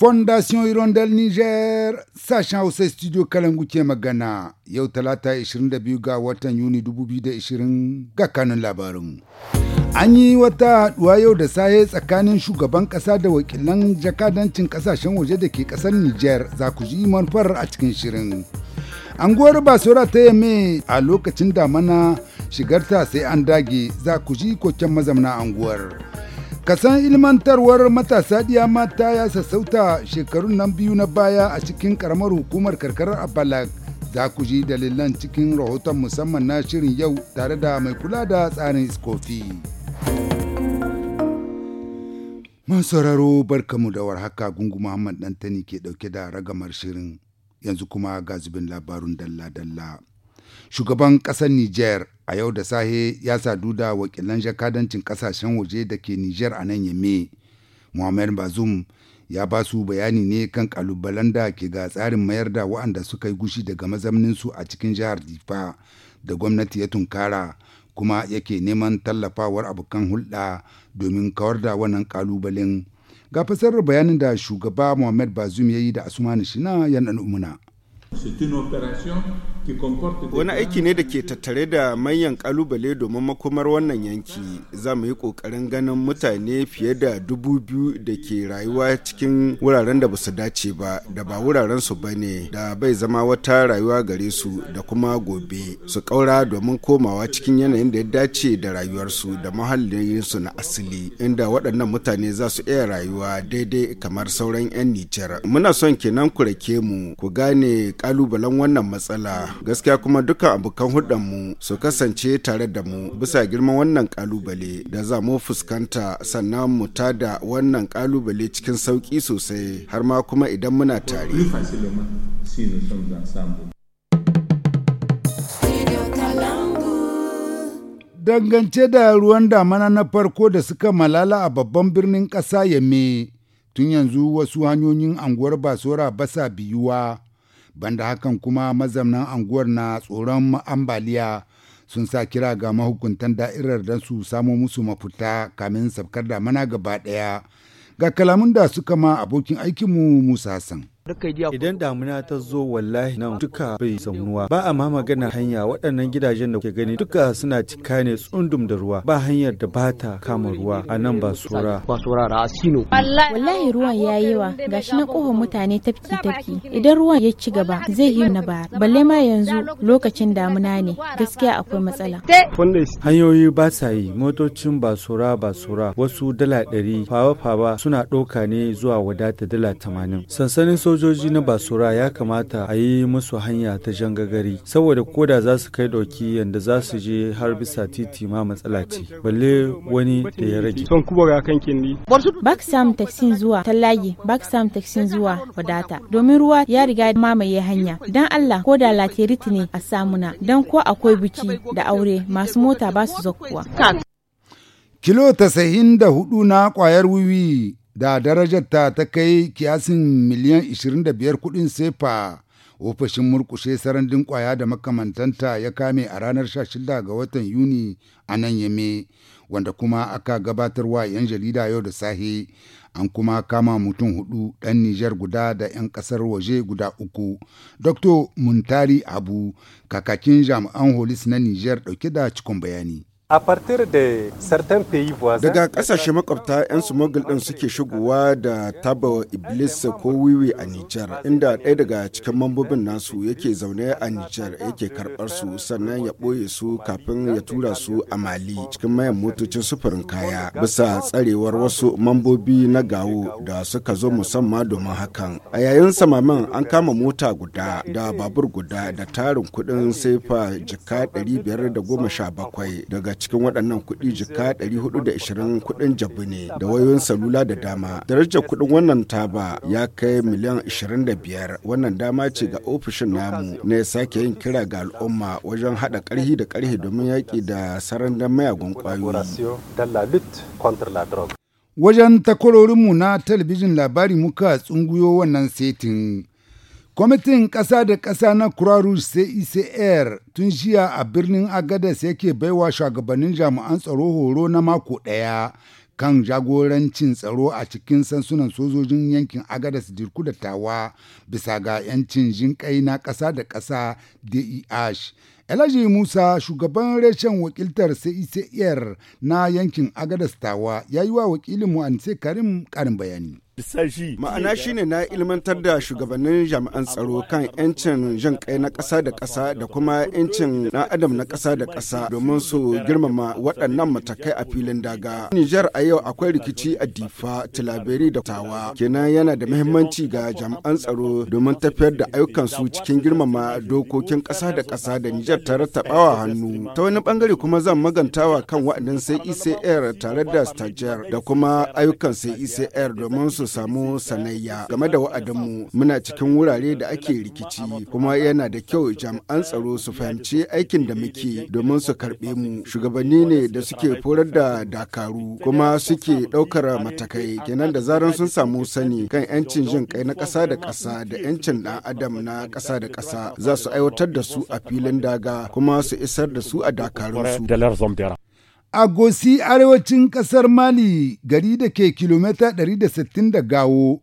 Fondation Hirondelle Niger sashen Hausa studio Kalangu ke magana yau talata 22 ga watan Yuni 2020 ga kanun labarin. An yi wata haɗuwa yau da saye tsakanin shugaban ƙasa da wakilan jakadancin ƙasashen waje da ke ƙasar Niger za ku ji manufar a cikin shirin. Anguwar Basura ta yame a lokacin damana shigarta sai an dage za ku ji kwakken mazamna anguwar. kasan ilmantarwar matasa diya mata ya sassauta shekarun nan biyu na baya a cikin karamar hukumar karkarar abalak za ku ji dalilan cikin rahoton musamman na shirin yau tare da mai kula da tsarin iskofi masauraro barkamu da warhaka gungu muhammad dantani ke dauke da ragamar shirin yanzu kuma ga labarun dalla-dalla Shugaban ƙasar niger a yau da sahe ya sadu da wakilan jakadancin ƙasashen waje da ke niger a nan Yame. Muhammad bazum ya ba su bayani ne kan kalubalen da ke ga tsarin mayar da waɗanda suka yi gushi daga mazamninsu a cikin jihar Difa da gwamnati ya tunkara kuma yake neman tallafawar abokan hulɗa domin kawar da wannan kalubalen. Ga fasarar bayanin da shugaba Muhammad bazum ya yi da Asumani Shina yan al'umuna. une opération Wani aiki ne da ke tattare da manyan kalubale domin makomar wannan yanki za mu yi ƙoƙarin ganin mutane fiye da dubu biyu da ke rayuwa cikin wuraren da ba su dace ba da ba wuraren su ba ne da bai zama wata rayuwa gare su da kuma gobe su kaura domin komawa cikin yanayin da ya dace da rayuwarsu da muhallinsu na asali inda waɗannan mutane za su iya rayuwa daidai kamar sauran 'yan Nijar. Muna son kenan ku rake mu ku gane kalubalen wannan matsala gaskiya kuma duka abokan mu su kasance tare da mu bisa girman wannan kalubale da za mu fuskanta sannan mu tada wannan kalubale cikin sauƙi sosai har ma kuma idan muna tare. Dangance da ruwan damana na farko da suka malala a babban birnin ƙasa Yame, tun yanzu wasu hanyoyin anguwar Basora basa biyuwa. banda hakan kuma mazamnan anguwar na tsoron ambaliya sun sa kira ga mahukuntan da'irar don su samo musu mafuta kamin sabkar damana gaba ɗaya ga kalamun da suka ma abokin aikinmu musa san Idan damuna ta zo wallahi nan duka bai zaunuwa ba a ma magana hanya waɗannan gidajen da kuke gani duka suna cika ne tsundum da ruwa ba hanyar da ba ta kama ruwa a nan ba sura. Wallahi ruwan ya yi yawa gashi na kohon mutane tafki tafki idan ruwan ya ci gaba zai yi na ba. balle ma yanzu lokacin damuna ne gaskiya akwai matsala. Hanyoyi ba sa yi motocin basura basura wasu dala ɗari fawa fawa suna ɗauka ne zuwa wadata dala tamanin sansanin sojoji sojoji na basura ya kamata a yi musu hanya ta jan gagari saboda koda za su kai ɗauki yadda za su je har bisa titi ma matsala ce balle wani da ya rage. Bak sam taksin zuwa tallagi bak sam taksin zuwa wadata domin ruwa ya riga mamaye hanya don Allah ko da lateriti ne a samuna don ko akwai biki da aure masu mota ba su zakkuwa. Kilo tasa'in da hudu na kwayar wiwi da darajarta ta kai kiyasin miliyan 25 kudin sefa ofishin murkushe sarandin kwaya da makamantanta ya kame a ranar 16 ga watan yuni a nan yame wanda kuma aka gabatarwa 'yan jarida yau da sahi an kuma kama mutum hudu ɗan nijar guda da 'yan ƙasar waje guda uku dr muntari abu kakakin jami'an holis na nijar ɗauke da cikin bayani Daga kasashe makwabta 'yan smuggle din suke shigowa da taba Iblis ko wiwi a Nijar, inda ɗaya daga cikin mambobin nasu yake zaune a Nijar yake karɓar su sannan ya boye su kafin ya tura su a Mali cikin mayan motocin sufurin kaya bisa tsarewar wasu mambobi na gawo da suka zo musamman domin hakan. A yayin samaman an kama mota guda da babur guda da tarin kuɗin sefa jika 517 daga cikin waɗannan kuɗi jika 420 kuɗin jabu ne da wayoyin salula da dama. Darajar kuɗin wannan taba ya kai miliyan 25 wannan dama ce ga ofishin namu na ya sake yin kira ga al'umma wajen haɗa ƙarhi da ƙarhi domin yaƙi da sarandan mayagun ƙwayoyi. Wajen takwarorinmu na talabijin labari muka tsunguyo wannan setin. Kwamitin ƙasa da ƙasa na Croix-Rouge e tun jiya a birnin Agadez yake baiwa shugabannin jami'an tsaro horo na mako ɗaya kan jagorancin tsaro a cikin sansunan sojojin yankin Agadez Dirku da Tawa bisa ga 'yancin jinƙai na ƙasa da ƙasa DEH. Elaji Musa shugaban reshen wakiltar CICR e na yankin Agadez Tawa ya yi wa wakilinmu a Karim ƙarin bayani. Ma'ana shine na ilmantar da shugabannin jami'an tsaro kan 'yancin jan kai na ƙasa da kasa da kuma 'yancin na adam na kasa da kasa domin su girmama waɗannan matakai a filin daga. Nijar a yau akwai rikici a Difa, Tilaberi da Tawa. Kenan yana da muhimmanci ga jami'an tsaro domin tafiyar da su cikin girmama dokokin ƙasa da kasa da Nijar ta rattaɓawa hannu. Ta wani bangare kuma zan magantawa kan waɗannan sai ICR e tare da stajiyar da kuma ayyukan sai ICR e domin su su samu sanayya game da wa'adinmu muna cikin wurare da ake rikici kuma yana da kyau jami'an tsaro su fahimci aikin da muke domin su karɓe mu shugabanni ne da suke forar da dakaru kuma suke ɗaukar matakai kenan da zaran sun samu sani kan 'yancin jin kai na ƙasa da ƙasa da 'yancin ɗan adam na ƙasa da ƙasa za su aiwatar da su a filin daga kuma su isar da su a dakarunsu. A Gosi arewacin ƙasar Mali gari da ke kilomita 160 da gawo,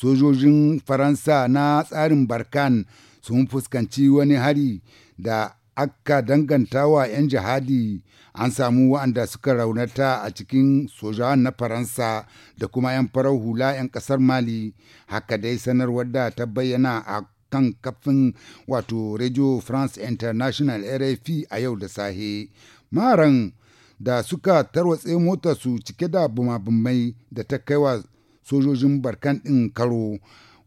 sojojin Faransa na tsarin Barkan sun fuskanci wani hari da aka danganta wa 'yan jihadi an samu wa'anda suka raunata a cikin sojawan na faransa da kuma 'yan farar hula 'yan ƙasar mali haka dai sanarwar da ta bayyana a kan kafin wato radio france international rfi a yau da sahe maran da suka tarwatse su cike da bumabumai da ta kaiwa sojojin barkan ɗin karo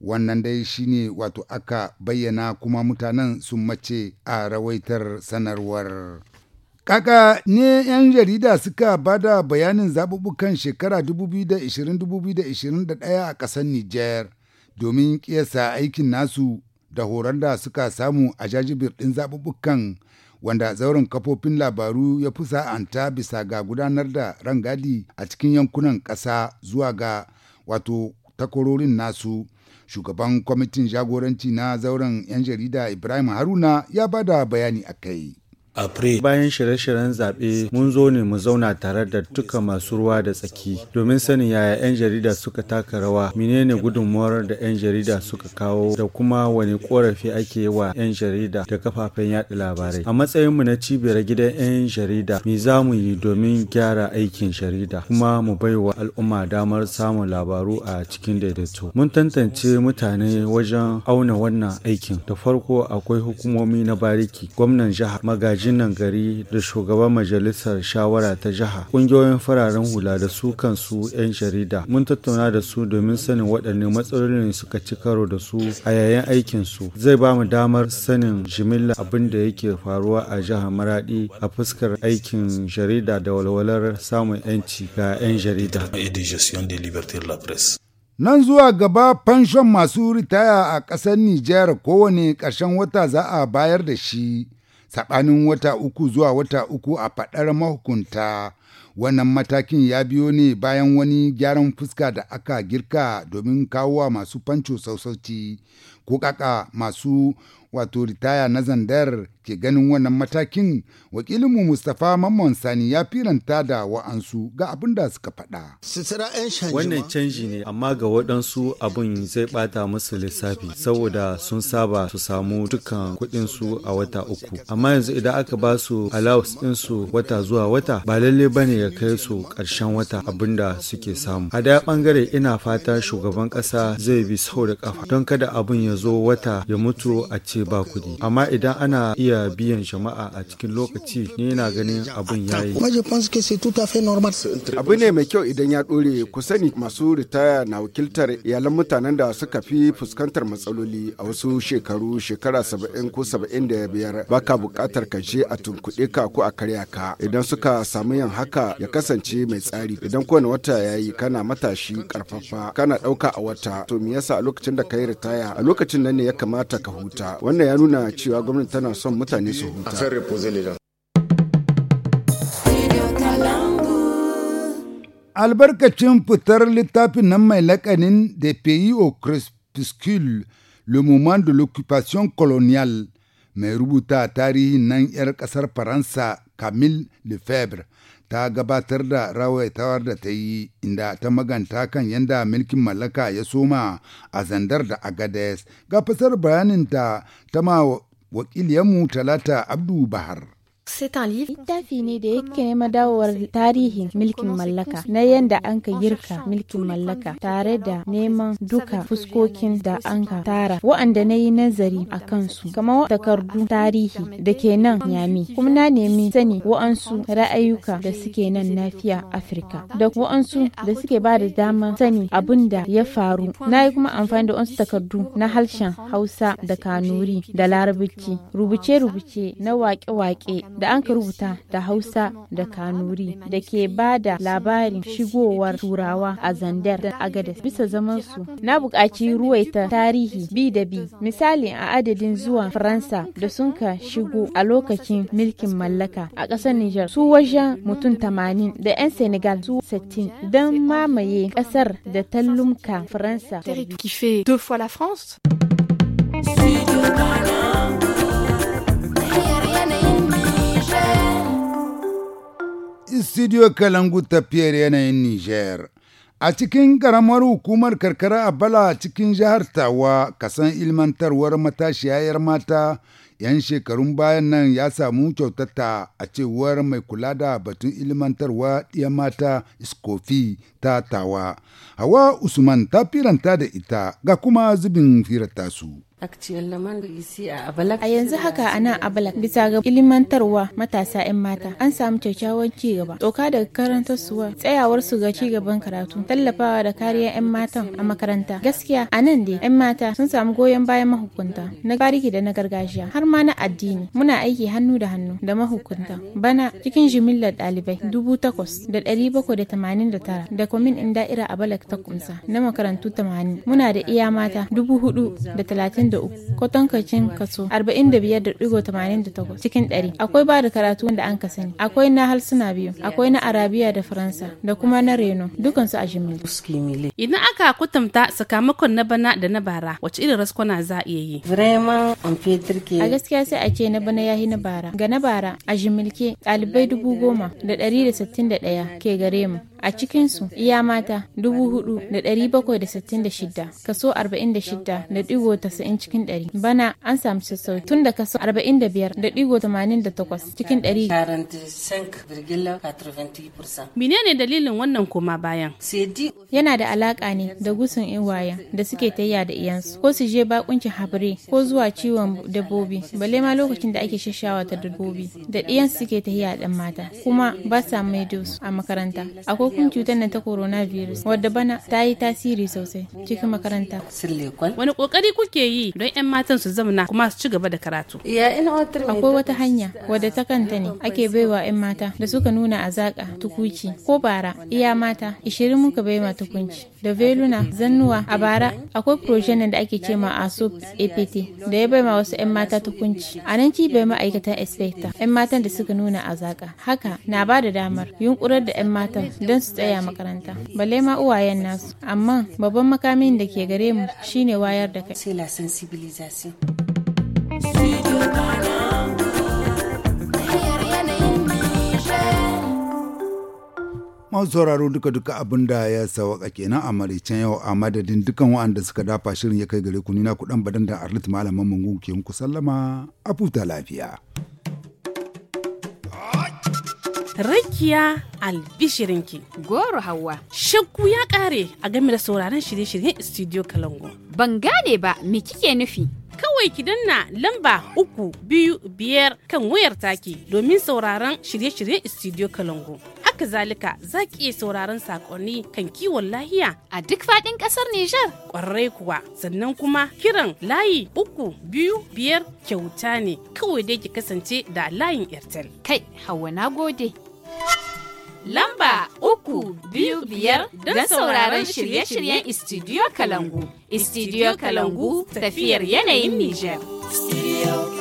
wannan dai shine wato aka bayyana kuma mutanen sun mace a rawaitar sanarwar kaka ne 'yan jarida suka bada bayanin zaɓuɓɓukan shekara 2020-2021 a ƙasar niger domin ƙiyasa aikin nasu da horar da suka samu a jajibir ɗin zaɓuɓɓukan wanda zauren kafofin labaru ya fusa'anta bisa ga gudanar da rangadi a cikin yankunan ƙasa zuwa ga wato takwarorin nasu shugaban kwamitin jagoranci na zauren 'yan jarida ibrahim haruna ya bada bayani a kai Bayan shirye-shiryen zaɓe mun zo ne mu zauna tare da duka masu ruwa da tsaki domin sanin yaya 'yan jarida suka taka rawa, menene gudunmuwar da 'yan jarida suka kawo da kuma wani korafi ake wa 'yan jarida da kafafen yaɗa labarai. A matsayin mu na cibiyar gidan 'yan jarida, me za mu yi domin gyara aikin jarida kuma mu bai wa. al'umma damar samun labaru a cikin daidaito. Mun tantance mutane wajen auna wannan aikin. Da farko akwai hukumomi na bariki, gwamnan jihar magaji jinan gari da shugaban majalisar shawara ta jiha ƙungiyoyin fararen hula da su kansu 'yan jarida mun tattauna da su domin sanin waɗanne matsalolin suka ci karo da su a yayin aikin su zai ba mu damar sanin jimilla abin da yake faruwa a jihar maradi a fuskar aikin jarida da walwalar samun 'yanci ga 'yan jarida Nan zuwa gaba fanshon masu ritaya a ƙasar Nijar kowane ƙarshen wata za a bayar da shi. tsakanin wata uku zuwa wata uku a faɗar mahukunta. Wannan matakin ya biyo ne bayan wani gyaran fuska da aka girka domin kawo wa masu fanco sausauci ko kaka masu wato ritaya na zandar ke ganin wannan matakin wakilinmu Mustapha Mamman Sani ya firanta da wa'ansu ga abin da suka faɗa. Wannan canji ne amma ga waɗansu abin zai ɓata musu lissafi saboda sun saba su samu dukkan kuɗin a wata uku. Amma yanzu idan aka ba su allowance ɗin su wata zuwa wata ba lalle ba ne ya kai su karshen wata abin da suke samu. A daya ɓangare ina fata shugaban ƙasa zai bi sau da ƙafa don kada abin ya zo wata ya mutu a ce ba kuɗi. Amma idan ana iya iya biyan jama'a a cikin lokaci ne na ganin abin ya yi. Abu ne mai kyau idan ya ɗore ku sani masu ritaya na wakiltar iyalan mutanen da suka fi fuskantar matsaloli a wasu shekaru shekara saba'in ko saba'in da biyar baka buƙatar ka je a tunkuɗe ka ko a karya ka idan suka samu yin haka ya kasance mai tsari idan kowane wata ya yi kana matashi karfafa kana ɗauka a wata to me yasa a lokacin da ka yi ritaya a lokacin nan ne ya kamata ka huta wannan ya nuna cewa gwamnati tana son mutane su huta. albarkacin fitar littafin nan mai lakanin da peyi o crepuscule le moment de l'occupation coloniale mai rubuta tarihin nan 'yar kasar faransa camille lefebvre ta gabatar da rawaitawar da ta yi inda ta maganta kan yadda mulkin mallaka ya soma a zandar da agades ga fasar bayaninta ta ma wakiliyarmu talata abdu bahar Littafi ne da yake nema dawowar tarihin milkin mallaka na yadda an ka girka milkin mallaka tare da neman duka fuskokin da an ka tara wa'anda na yi nazari a kansu kamar takardu tarihi da ke nan yami kuma na nemi sani wa'ansu ra'ayuka da suke nan nafiya Afirka da wa'ansu da suke ba da dama sani abin da ya faru na yi kuma amfani da wasu takardu na harshen Hausa da Kanuri da Larabci rubuce-rubuce na waƙe-waƙe da an ka rubuta da Hausa da Kanuri da ke ba da labarin shigowar Turawa a Zandar da Agadez bisa zaman su. Na buƙaci ruwaita tarihi bi da bi, misali a adadin zuwa Faransa da sun ka shigo a lokacin milkin mallaka a ƙasar niger su wajen mutum tamanin da 'yan Senegal su 60 don mamaye ƙasar da tallumka Faransa. Qui fait deux fois la France? studio Kalangu tafiyar yanayin Niger. A cikin ƙaramar hukumar karkara a Bala cikin jihar Tawa, kasan ilmantarwar matashiyayar mata 'yan shekarun bayan nan ya samu kyautata a cewar mai kula da batun ilmantarwa ɗiya mata iskofi ta Tawa. Hawa Usman ta firanta da ita ga kuma zubin firata su. A yanzu haka a nan Abalak bisa ga ilimantarwa matasa 'yan mata an samu kyakkyawan ci gaba. Doka daga suwa tsayawar su ga ci gaban karatu, tallafawa da kariya 'yan matan a makaranta. Gaskiya a nan dai 'yan mata sun samu goyon bayan mahukunta na bariki da na gargajiya har ma na addini. Muna aiki hannu da hannu da mahukunta. Bana cikin jimillar ɗalibai dubu takwas da ɗari bakwai da tamanin da tara da kwamin in da'ira Abalak ta kumsa na makarantu tamanin. Muna da iya mata dubu hudu da talatin ko tankacin kaso 45.88 cikin 100 akwai ba da karatu wanda an ka sani akwai na halsuna biyu akwai na arabiya da faransa da kuma na reno dukansu a jimili idan aka kutumta sakamakon na bana da na bara wace irin raskwana za a iya yi a gaskiya sai a ce na bana yahi na bara ga na bara a jimilke ɗalibai dubu goma da ɗari da sittin da ɗaya ke gare mu a cikinsu iya mata dubu hudu da ɗari bakwai da sittin da shida kaso arba'in da shida da ɗigo tasa'in cikin ɗari bana an samu sassau tun da kaso 45.88 da cikin ɗari. menene dalilin wannan koma bayan? yana da alaƙa ne da gusun iwaya da suke tayya da iyansu ko su je bakunci habire ko zuwa ciwon dabbobi balle ma lokacin da ake shashawa ta dabbobi da iyansu suke tayya ɗan mata kuma ba sa maido a makaranta akwai kuma cutar nan ta coronavirus wadda bana ta yi tasiri sosai cikin makaranta. wani kokari kuke yi yi don 'yan matan su zamana kuma su ci gaba da karatu. Akwai wata hanya wadda ta kanta ne ake baiwa 'yan mata da suka nuna azaka tukuci ko bara iya mata ishirin muka baiwa tukunci da veluna zannuwa a bara akwai projen da ake ce ma aso apt da ya baiwa wasu 'yan mata tukunci a nan ci bai ma'aikatan inspector 'yan matan da suka nuna azaka haka na ba da damar yunkurar da 'yan matan don su tsaya makaranta balle ma uwayen nasu amma babban makamin da ke gare mu shine wayar da kai. sensibilisation. masu sauraro duka duka abin da ya sawaka kenan a maraicen yau a madadin dukan waɗanda suka dafa shirin ya kai gare ku nuna kuɗan badan da arlit malaman mungu ke muku sallama a futa lafiya. rakiya albishirinki. Goro Hauwa. Shakku ya kare a game da sauraron shirye-shiryen Studio Kalango. Ban gane ba me kike nufi? Kawai ki danna lamba uku biyu biyar kan wayar take domin sauraron shirye-shiryen Studio Kalango. Haka zalika za ki iya sauraron sakonni kan kiwon lahiya a duk fadin kasar Nijar. kwarai kuwa sannan kuma kiran layi uku biyu biyar kyauta ne kawai dai ki kasance da layin Airtel. Kai hawa na gode. Lamba uku biyu biyar don sauraron shirye-shiryen Istidiyo Kalangu. Istidiyo Kalangu tafiyar yanayin Nijar.